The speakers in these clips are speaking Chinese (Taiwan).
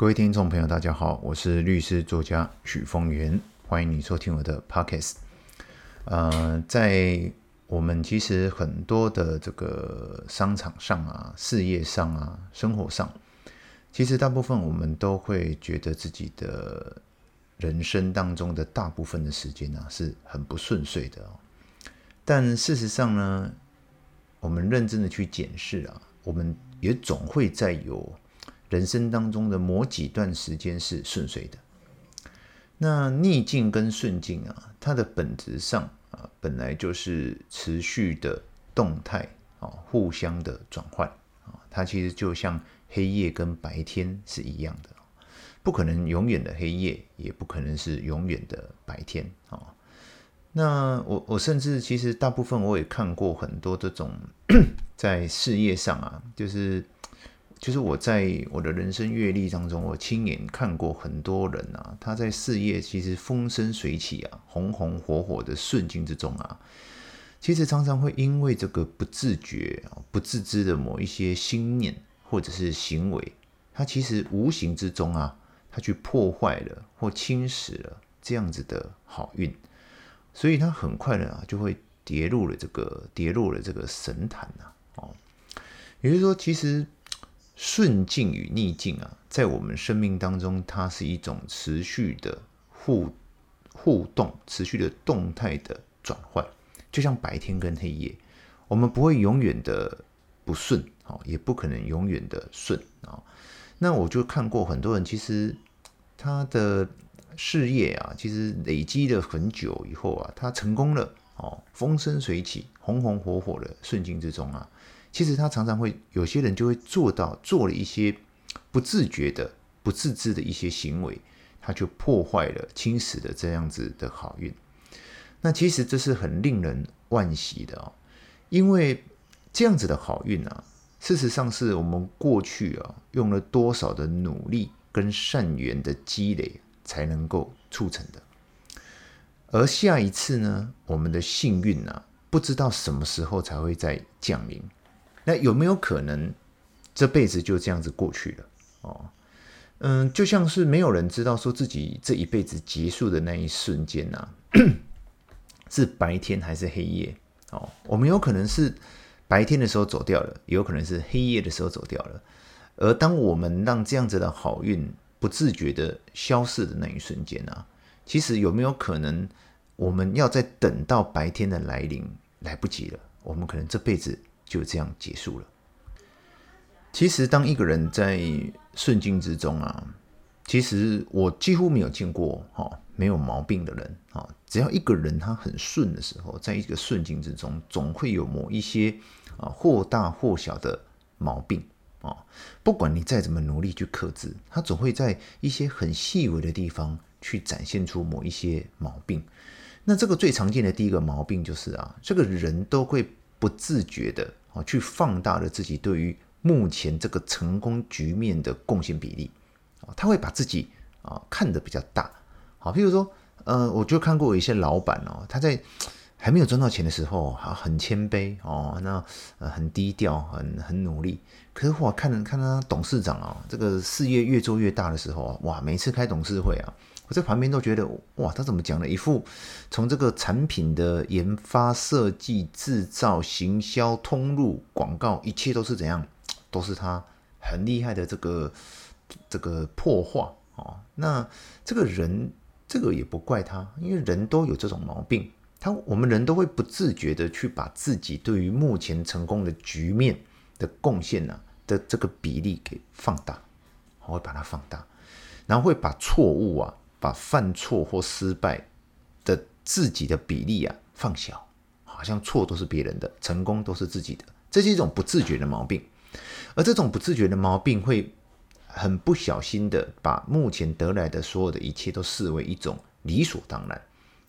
各位聽眾朋友，大家好，我是律師作家許峰源，歡迎你收聽我的 Podcast。呃，在我們其實很多的這個商場上啊、事業上啊、生活上，其實大部分我們都會覺得自己的人生當中的大部分的時間呢啊是很不順遂的哦。但事實上呢，我們認真的去檢視啊，我們也總會在有。人生當中的某幾段時間是順遂的，那逆境跟順境啊，它的本質上啊、呃，本來就是持續的動態啊、哦，互相的轉換啊、哦，它其實就像黑夜跟白天是一樣的，不可能永遠的黑夜，也不可能是永遠的白天啊、哦。那我我甚至其實大部分我也看過很多這種 在事業上啊，就是。就是我在我的人生閱歷當中，我親眼看過很多人啊，他在事業其實風生水起啊，紅紅火火的順境之中啊，其實常常會因為這個不自覺、不自知的某一些心念或者是行為，他其實無形之中啊，他去破壞了或侵蝕了這樣子的好運，所以他很快的、啊、就會跌入了這個跌入了這個神壇啊。哦，也就是說，其實。順境與逆境啊，在我們生命當中，它是一種持續的互互動、持續的動態的轉換，就像白天跟黑夜，我們不會永遠的不順，也不可能永遠的順。那我就看過很多人，其實他的事業啊，其實累積了很久以後啊，他成功了，風生水起、紅紅火火的順境之中啊。其實他常常會有些人就會做到做了一些不自覺的、不自知的一些行為，他就破壞了、侵蝕了這樣子的好運。那其實這是很令人惋惜的哦，因為這樣子的好運啊，事實上是我們過去啊用了多少的努力跟善緣的積累才能夠促成的。而下一次呢，我們的幸運啊，不知道什麼時候才會再降臨。那有沒有可能這輩子就這樣子過去了？哦，嗯，就像是沒有人知道說自己這一輩子結束的那一瞬間吶、啊，是白天還是黑夜？哦，我們有可能是白天的時候走掉了，也有可能是黑夜的時候走掉了。而當我們讓這樣子的好運不自覺的消失的那一瞬間呢、啊，其實有沒有可能我們要再等到白天的來臨來不及了？我們可能這輩子。就這樣結束了。其實，當一個人在順境之中啊，其實我幾乎沒有見過哈、哦、沒有毛病的人啊、哦。只要一個人他很順的時候，在一個順境之中，總會有某一些啊、哦、或大或小的毛病啊、哦。不管你再怎麼努力去克制，他總會在一些很細微的地方去展現出某一些毛病。那這個最常見的第一個毛病就是啊，這個人都會。不自覺的啊，去放大了自己對於目前這個成功局面的貢獻比例啊，他會把自己啊看得比較大。好，譬如說，嗯、呃，我就看過一些老闆哦，他在還沒有賺到錢的時候很謙卑哦，那很低調，很很努力。可是我看看他董事長啊、哦，這個事業越做越大的時候哇，每次開董事會啊。我在旁邊都覺得哇，他怎麼講呢？一副從這個產品的研發、設計、製造、行銷、通路、廣告，一切都是怎樣，都是他很厲害的這個這個破壞哦。那這個人，這個也不怪他，因為人都有這種毛病，他我們人都會不自覺地去把自己對於目前成功的局面的貢獻、啊、的這個比例給放大，會把它放大，然後會把錯誤啊。把犯錯或失敗的自己的比例啊放小，好像錯都是別人的，成功都是自己的，這是一種不自覺的毛病。而這種不自覺的毛病會很不小心的把目前得來的所有的一切都視為一種理所當然。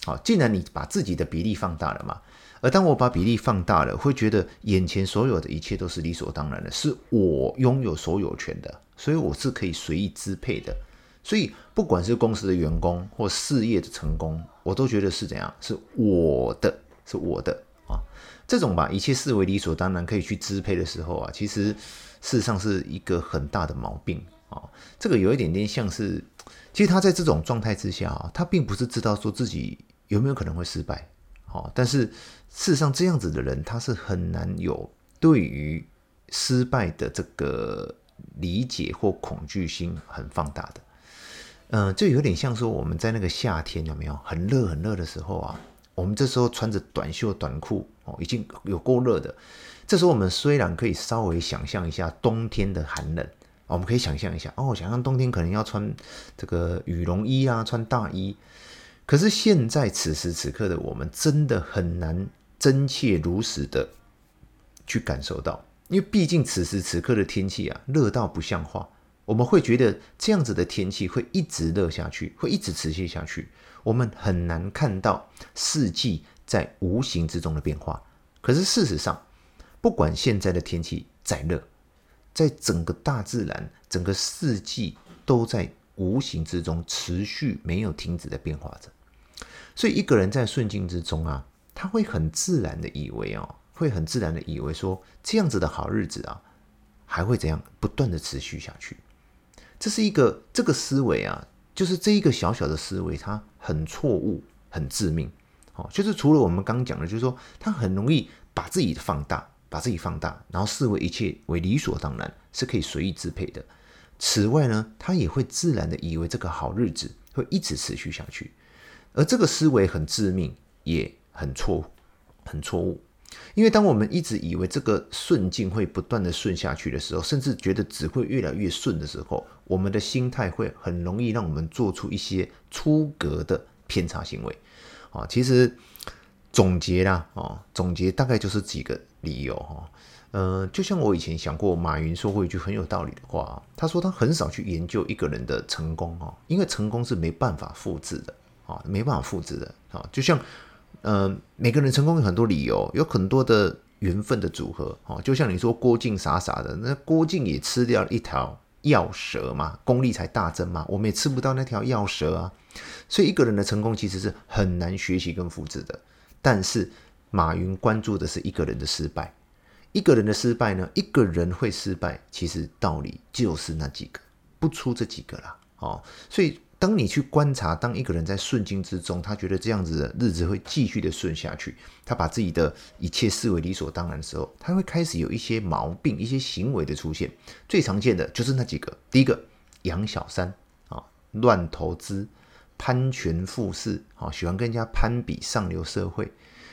好、哦，既然你把自己的比例放大了嘛，而當我把比例放大了，會覺得眼前所有的一切都是理所當然的，是我擁有所有權的，所以我是可以隨意支配的。所以，不管是公司的員工或事業的成功，我都覺得是怎樣？是我的，是我的啊、哦。這種把一切視為理所當然可以去支配的時候啊，其實事實上是一個很大的毛病啊、哦。這個有一點點像是，其實他在這種狀態之下啊，他並不是知道說自己有沒有可能會失敗。好、哦，但是事實上這樣子的人，他是很難有對於失敗的這個理解或恐懼心很放大的。的嗯、呃，就有點像說我們在那個夏天，有沒有很熱很熱的時候啊？我們這時候穿着短袖短褲哦，已經有夠熱的。這時候我們雖然可以稍微想象一下冬天的寒冷，我們可以想象一下哦，想象冬天可能要穿這個羽絨衣啊，穿大衣。可是現在此時此刻的我們，真的很難真切如實的去感受到，因為畢竟此時此刻的天氣啊，熱到不像話。我們會覺得這樣子的天氣會一直熱下去，會一直持續下去。我們很難看到四季在無形之中的變化。可是事實上，不管現在的天氣再熱，在整個大自然、整個四季都在無形之中持續沒有停止的變化着。所以，一個人在順境之中啊，他會很自然的以為哦，會很自然的以為說，這樣子的好日子啊，還會怎樣不斷的持續下去。這是一個這個思維啊，就是這一個小小的思維，它很錯誤、很致命。好、哦，就是除了我們剛講的，就是說，他很容易把自己的放大，把自己放大，然後視為一切為理所當然，是可以隨意支配的。此外呢，他也會自然的以為這個好日子會一直持續下去，而這個思維很致命，也很錯誤，很錯誤。因為當我們一直以為這個順境會不斷的順下去的時候，甚至覺得只會越來越順的時候，我們的心態會很容易讓我們做出一些出格的偏差行為。啊，其實總結啦，啊，總結大概就是幾個理由哈。嗯、呃，就像我以前想過，馬雲說過一句很有道理的話，他說他很少去研究一個人的成功啊，因為成功是沒辦法複製的啊，沒辦法複製的啊，就像。嗯、呃，每個人成功有很多理由，有很多的緣分的組合哦。就像你說郭靖傻傻的，那郭靖也吃掉一條藥蛇嘛，功力才大增嘛。我們也吃不到那條藥蛇啊，所以一個人的成功其實是很難學習跟複製的。但是馬雲關注的是一個人的失敗，一個人的失敗呢，一個人會失敗，其實道理就是那幾個，不出這幾個啦。哦，所以。當你去觀察，當一個人在順境之中，他覺得這樣子的日子會繼續的順下去，他把自己的一切視為理所當然的時候，他會開始有一些毛病、一些行為的出現。最常見的就是那幾個：第一個，養小三啊，亂投資，攀權附勢啊，喜歡跟人家攀比上流社會，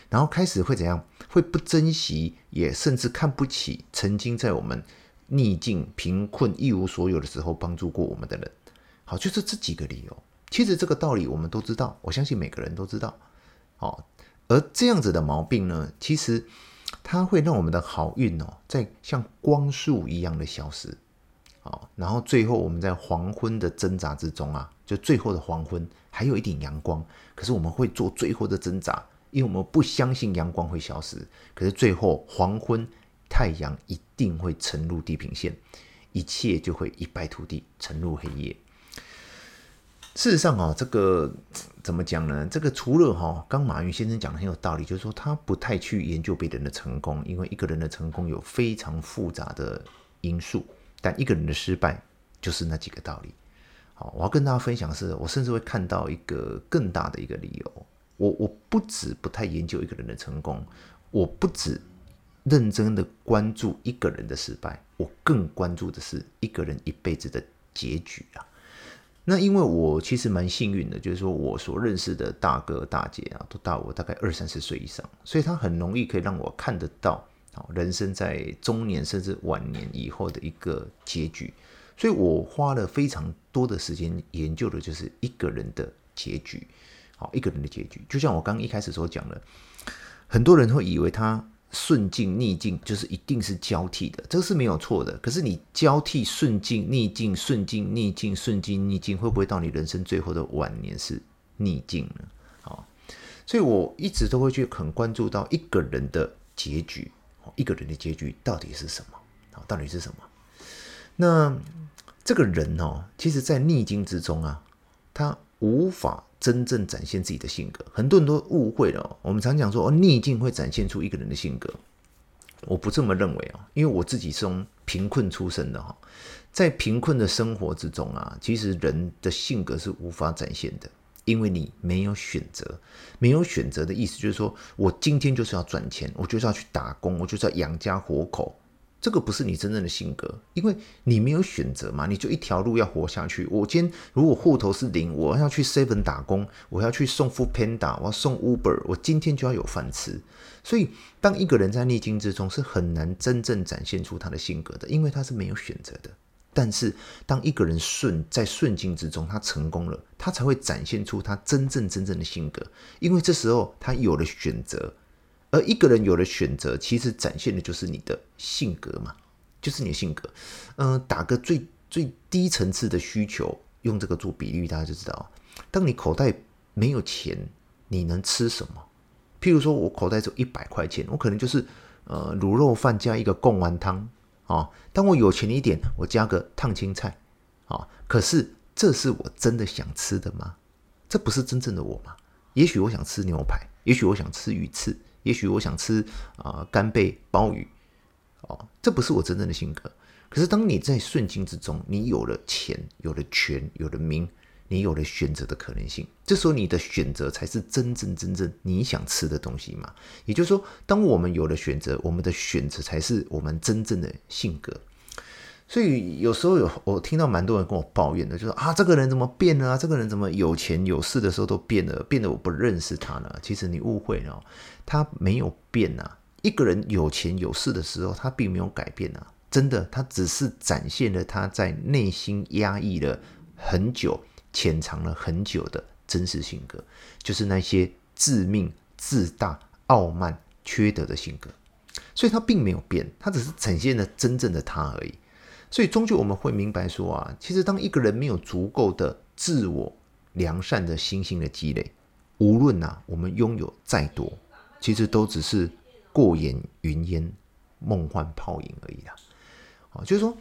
然後開始會怎樣？會不珍惜，也甚至看不起曾經在我們逆境、貧困、一無所有的時候幫助過我們的人。好，就是這幾個理由。其實這個道理我們都知道，我相信每個人都知道。好，而這樣子的毛病呢，其實它會讓我們的好運哦，在像光速一樣的消失。好，然後最後我們在黃昏的掙扎之中啊，就最後的黃昏還有一點陽光，可是我們會做最後的掙扎，因為我們不相信陽光會消失。可是最後黃昏，太陽一定會沉入地平線，一切就會一敗塗地，沉入黑夜。事實上，哦，這個怎麼講呢？這個除了哈，哦，剛剛馬雲先生講的很有道理，就是說他不太去研究別人的成功，因為一個人的成功有非常複雜的因素，但一個人的失敗就是那幾個道理。好，我要跟大家分享的是，我甚至會看到一個更大的一個理由。我，我不止不太研究一個人的成功，我不止認真的關注一個人的失敗，我更關注的是一個人一輩子的結局啊。那因為我其實蠻幸運的，就是說我所認識的大哥大姐啊，都大我大概二三十歲以上，所以他很容易可以讓我看得到，好人生在中年甚至晚年以後的一個結局。所以我花了非常多的時間研究的就是一個人的結局，好一個人的結局。就像我剛剛一開始所講的，很多人會以為他。順境逆境就是一定是交替的，這個是沒有錯的。可是你交替順境逆境順境逆境順境逆境，會不會到你人生最後的晚年是逆境呢？啊，所以我一直都會去很關注到一個人的結局，一個人的結局到底是什麼？啊，到底是什麼？那這個人哦，其實在逆境之中啊，他無法。真正展現自己的性格，很多人都誤會了。我們常講說，哦，逆境會展現出一個人的性格，我不這麼認為哦，因為我自己是從貧困出身的哈，在貧困的生活之中啊，其實人的性格是無法展現的，因為你沒有選擇。沒有選擇的意思就是說，我今天就是要賺錢，我就是要去打工，我就是要養家活口。這個不是你真正的性格，因為你沒有選擇嘛，你就一條路要活下去。我今天如果戶頭是零，我要去 Seven 打工，我要去送 Food Panda，我要送 Uber，我今天就要有飯吃。所以，當一個人在逆境之中，是很難真正展現出他的性格的，因為他是沒有選擇的。但是，當一個人順在順境之中，他成功了，他才會展現出他真正真正的性格，因為這時候他有了選擇。而一個人有了選擇，其實展現的就是你的性格嘛，就是你的性格。嗯、呃，打個最最低層次的需求，用這個做比喻，大家就知道：當你口袋沒有錢，你能吃什麼？譬如說，我口袋只有一百塊錢，我可能就是呃滷肉飯加一個貢丸湯啊、哦。當我有錢一點，我加個燙青菜啊、哦。可是，這是我真的想吃的嗎？這不是真正的我嗎？也許我想吃牛排，也許我想吃魚翅。也許我想吃啊、呃、干貝鮑魚，哦，這不是我真正的性格。可是當你在順境之中，你有了錢，有了權，有了名，你有了選擇的可能性，這時候你的選擇才是真正真正你想吃的東西嘛？也就是說，當我們有了選擇，我們的選擇才是我們真正的性格。所以有時候有我聽到蠻多人跟我抱怨的，就說、是、啊，這個人怎麼變了、啊、這個人怎麼有錢有勢的時候都變了，變得我不認識他了。其實你誤會了，他沒有變吶、啊。一個人有錢有勢的時候，他並沒有改變吶、啊。真的，他只是展現了他在內心壓抑了很久、潛藏了很久的真實性格，就是那些致命、自大、傲慢、缺德的性格。所以他並沒有變，他只是展現了真正的他而已。所以，終究我們會明白說啊，其實當一個人沒有足夠的自我良善的心性的積累，無論吶、啊、我們擁有再多，其實都只是過眼雲煙、夢幻泡影而已啦。好，就是說，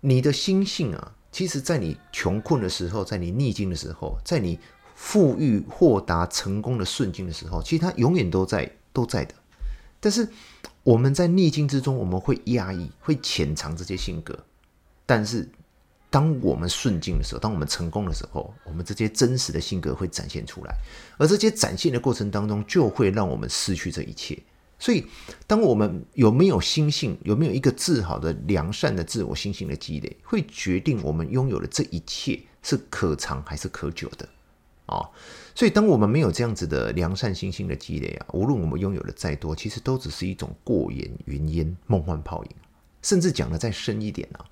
你的心性啊，其實在你窮困的時候，在你逆境的時候，在你富裕、豁達、成功的順境的時候，其實它永遠都在，都在的。但是。我們在逆境之中，我們會壓抑、會潛藏這些性格；但是，當我們順境的時候，當我們成功的時候，我們這些真實的性格會展現出來。而這些展現的過程當中，就會讓我們失去這一切。所以，當我們有沒有心性，有沒有一個自好的良善的自我心性的積累，會決定我們擁有的這一切是可長還是可久的。啊、哦，所以當我們沒有這樣子的良善心性的積累啊，無論我們擁有的再多，其實都只是一種過眼雲煙、夢幻泡影。甚至講的再深一點啊，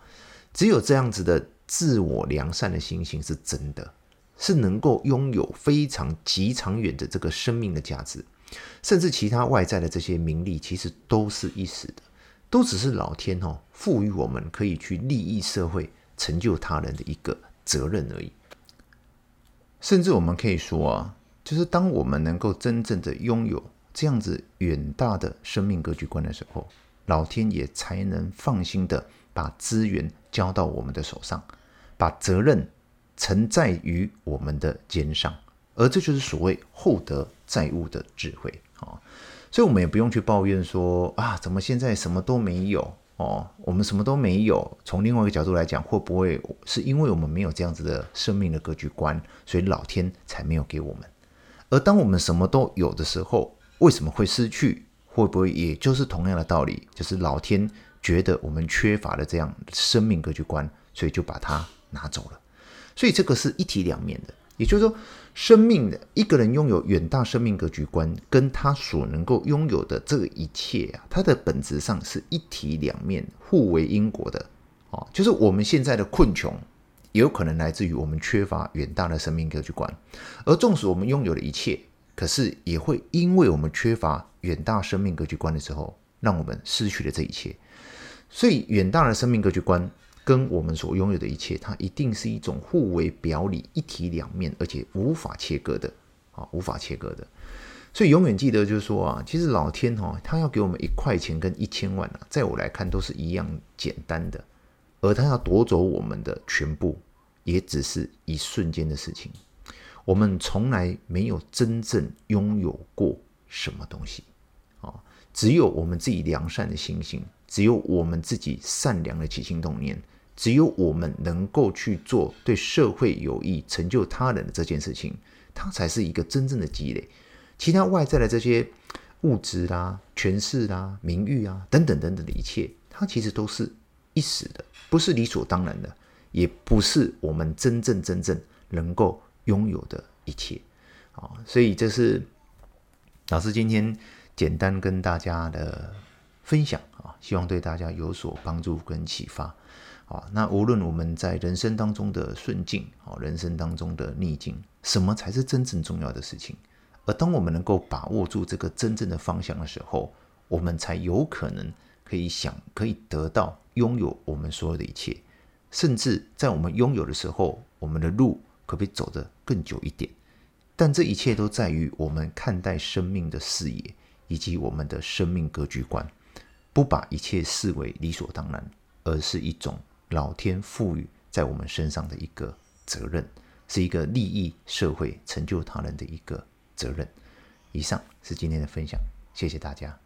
只有這樣子的自我良善的心性是真的，是能夠擁有非常極長遠的這個生命的價值。甚至其他外在的這些名利，其實都是一時的，都只是老天哦賦予我們可以去利益社會、成就他人的一個責任而已。甚至我們可以說啊，就是當我們能夠真正的擁有這樣子遠大的生命格局觀的時候，老天爺才能放心的把資源交到我們的手上，把責任承載於我們的肩上，而這就是所謂厚德載物的智慧啊。所以，我們也不用去抱怨說啊，怎麼現在什麼都沒有。哦，我們什麼都沒有。從另外一個角度來講，會不會是因為我們沒有這樣子的生命的格局觀，所以老天才沒有給我們？而當我們什麼都有的時候，為什麼會失去？會不會也就是同樣的道理？就是老天覺得我們缺乏了這樣的生命格局觀，所以就把它拿走了。所以這個是一體兩面的，也就是說。生命的一個人擁有遠大生命格局觀，跟他所能夠擁有的這一切啊，它的本質上是一體兩面，互為因果的。啊、哦，就是我們現在的困窮，也有可能來自於我們缺乏遠大的生命格局觀；而縱使我們擁有了一切，可是也會因為我們缺乏遠大生命格局觀的時候，讓我們失去了這一切。所以，遠大的生命格局觀。跟我們所擁有的一切，它一定是一種互為表裡、一體兩面，而且無法切割的啊，無法切割的。所以永遠記得，就是說啊，其實老天哈、哦，他要給我們一塊錢跟一千萬啊，在我來看都是一樣簡單的。而他要奪走我們的全部，也只是一瞬間的事情。我們從來沒有真正擁有過什麼東西啊，只有我們自己良善的心性，只有我們自己善良的起心動念。只有我們能夠去做對社會有益、成就他人的這件事情，它才是一個真正的積累。其他外在的這些物質啦、啊、權勢啦、啊、名譽啊等等等等的一切，它其實都是一時的，不是理所當然的，也不是我們真正真正能夠擁有的一切。啊，所以這是老師今天簡單跟大家的分享啊，希望對大家有所幫助跟啟發。啊，那無論我們在人生當中的順境，哦，人生當中的逆境，什麼才是真正重要的事情？而當我們能夠把握住這個真正的方向的時候，我們才有可能可以想，可以得到擁有我們所有的一切，甚至在我們擁有的時候，我們的路可不可以走得更久一點？但這一切都在於我們看待生命的視野，以及我們的生命格局觀，不把一切視為理所當然，而是一種。老天賦予在我們身上的一個責任，是一個利益社會成就他人的一個責任。以上是今天的分享，謝謝大家。